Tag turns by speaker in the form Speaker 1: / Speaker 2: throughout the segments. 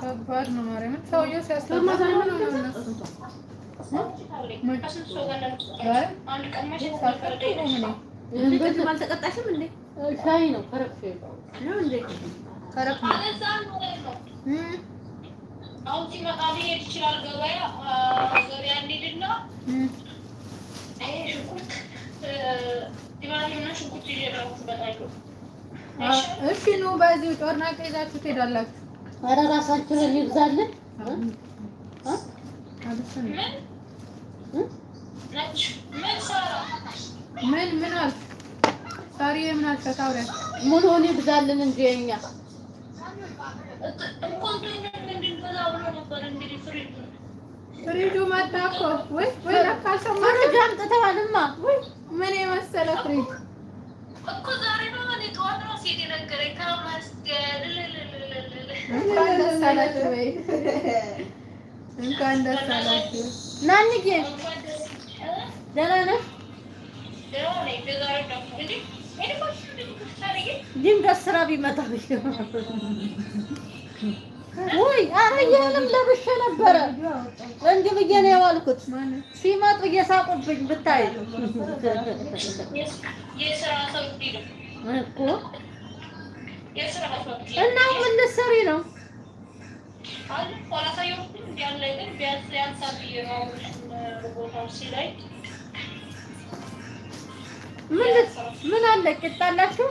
Speaker 1: ከባድ ነው። ማርያምን ሰውዬው ሲያስለማ ነው እሺ ኑ በዚህ ጮርናቄ
Speaker 2: ይዛችሁ ትሄዳላችሁ። ኧረ ራሳችሁን ላይ ይብዛልን። ምን ምን
Speaker 1: አልክ ሳሪ? ምን አልክ? ታውሪያ
Speaker 2: ምን ሆነ? ይብዛልን እንጂ የእኛ
Speaker 1: ፍሪጁ መጣ እኮ
Speaker 2: ወይ ወይ ለካ አልሰማሁም። ፍሪጅ አምጥተዋልማ።
Speaker 1: ወይ ምን የመሰለ ፍሪጅ እንኳን ደስ አላችሁ በይ።
Speaker 2: እንኳን ደስ አላችሁ። ናንዬ ደህና ነህ? ጅም ጋር ስራ ቢመጣ ውይ አህያንም ለብሼ ነበረ እንዲህ ብዬ ነው የዋልኩት። ሲመጡ እየሳቁብኝ ብታይ እኮ እና ምን ልትሰሪ ነው? ምን አለ ቅጣላችሁ?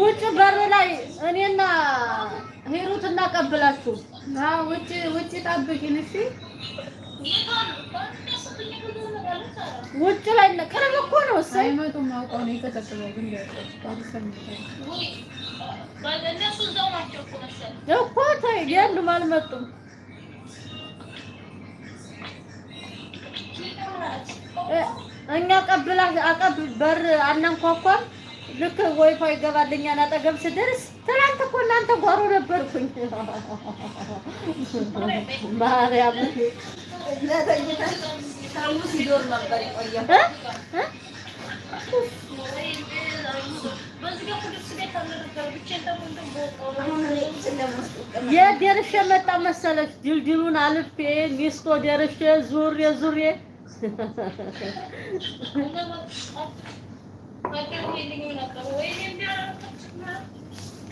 Speaker 2: ውጭ በር ላይ እኔና
Speaker 1: ሂሩት እናቀብላችሁ። ውጭ ውጭ ጠብቂን እሺ።
Speaker 2: ውጭ ላይ ቅርብ እኮ ያሉም አልመጡም። እኛ ቀብላ አቀብ በር አናንኳኳም። ልክ ወይፋይ ይገባልኛል አጠገብ ስደርስ ትናንት እኮ እናንተ ጓሮ ነበርኩኝ። ማርያም ሲዶር ነበር የቆየ የት ደርሼ መጣ መሰለች? ድልድሉን አልፌ ሚስቶ ደርሼ ዙሬ ዙሬ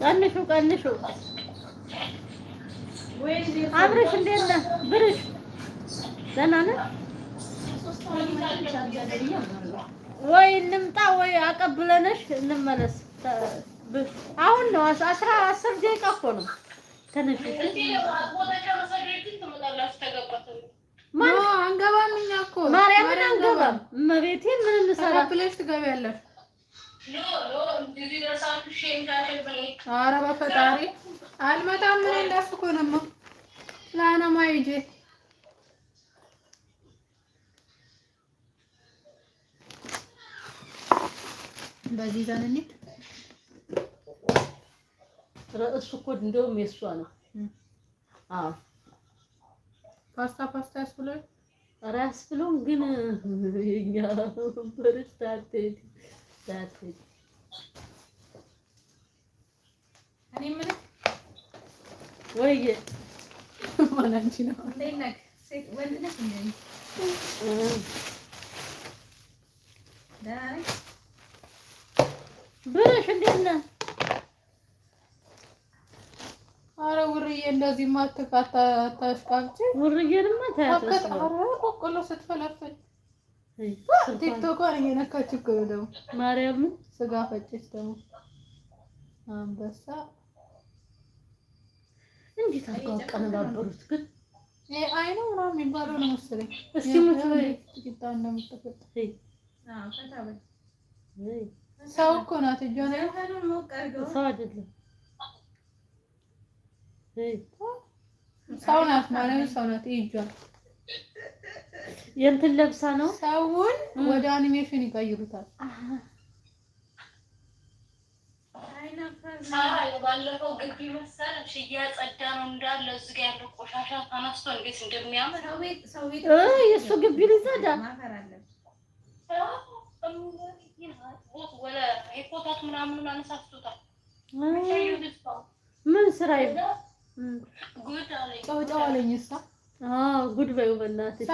Speaker 2: ቀንሹ ቀንሹ። አብርሽ እንዴት ነህ? ብርሽ ደህና ነህ? ወይ ልምጣ ወይ አቀብለነሽ እንመለስ። አሁን ነው አስራ አስር ደቂቃ እኮ ነው። ተነሽ አንገባም፣ እኛ እኮ ማርያምን አንገባም።
Speaker 1: እመቤቴ ምን እንሰራ ብለሽ ትገቢያለሽ? በፈጣሪ አልመጣም። ምን እንዳስኮ ነው በዚህ ዘን እንሂድ።
Speaker 3: እሱ እኮ እንደውም የእሷ ነው።
Speaker 1: አዎ ፓስታ ፓስታ ያስብለው
Speaker 3: ኧረ ያስብለውም፣ ግን የእኛ በርታ አትሄድ
Speaker 1: አትሄድ። እኔ የምልህ
Speaker 3: ወይዬ ማን አንቺ ነው? እንዴት ነህ? ሴት ወንድ ነህ? እንዴት
Speaker 1: ደህና ነኝ ብርሽ እንዴት ነህ? አረ ውርዬ እንደዚህ ማትካታ ታስቃምጪ። ውርዬንማ ታያለሽ። አረ ቆቆሎ ስትፈለፈል ቲክቶኳን
Speaker 2: እየነካች እኮ ነው ደግሞ። ማርያም
Speaker 1: ስጋ ፈጨች ደግሞ አንበሳ።
Speaker 2: እንዴት አድርገው አቀነባበሩት
Speaker 1: ግን አይ ነው ምናምን የሚባለው ነው መሰለኝ። እስኪ ሙት ወይ ሰው እኮ ናት። እጇን ሰው አይደለም ሰው ናት ማለት ሰው ናት። እጇን
Speaker 2: የእንትን ለብሳ
Speaker 1: ነው። ሰውን ወደ አኒሜሽን ይቀይሩታል።
Speaker 4: ባለፈው ግቢ መሰለሽ እያጸዳ ነው እንዳለ
Speaker 2: እዚህ ጋር ያለው ቆሻሻ ተነስቶ እንዴት እንደሚያምር የእሱ ግቢ ሊጸዳ ምን ስራ ጨውጨዋለኝ እሷ ጉድ በዩ በእናትሽ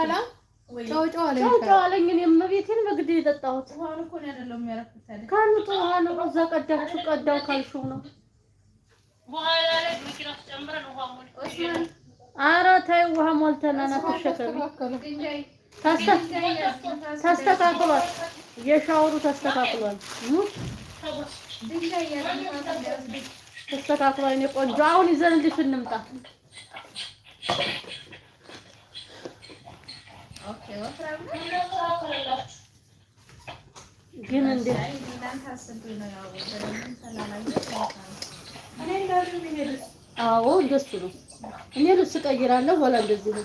Speaker 2: ጨውጨዋለኝ እኔ እመቤቴን በግድ የጠጣሁት ካልቱ ውሃ ነው እዛ ቀዳችሁ ቀዳው ካልሽው ነው ኧረ ተይው ውሃ ሞልተናና ተሸከሚ ታስተካክሏት የሻወሩ ተስተካክሏል። ተስተካክሏል። እኔ ቆንጆ አሁን ይዘንልሽ እንምጣ። ግን እንዴት አዎ፣ እንደሱ ነው። እኔ ልብስ ቀይራለሁ። ኋላ እንደዚህ ነው።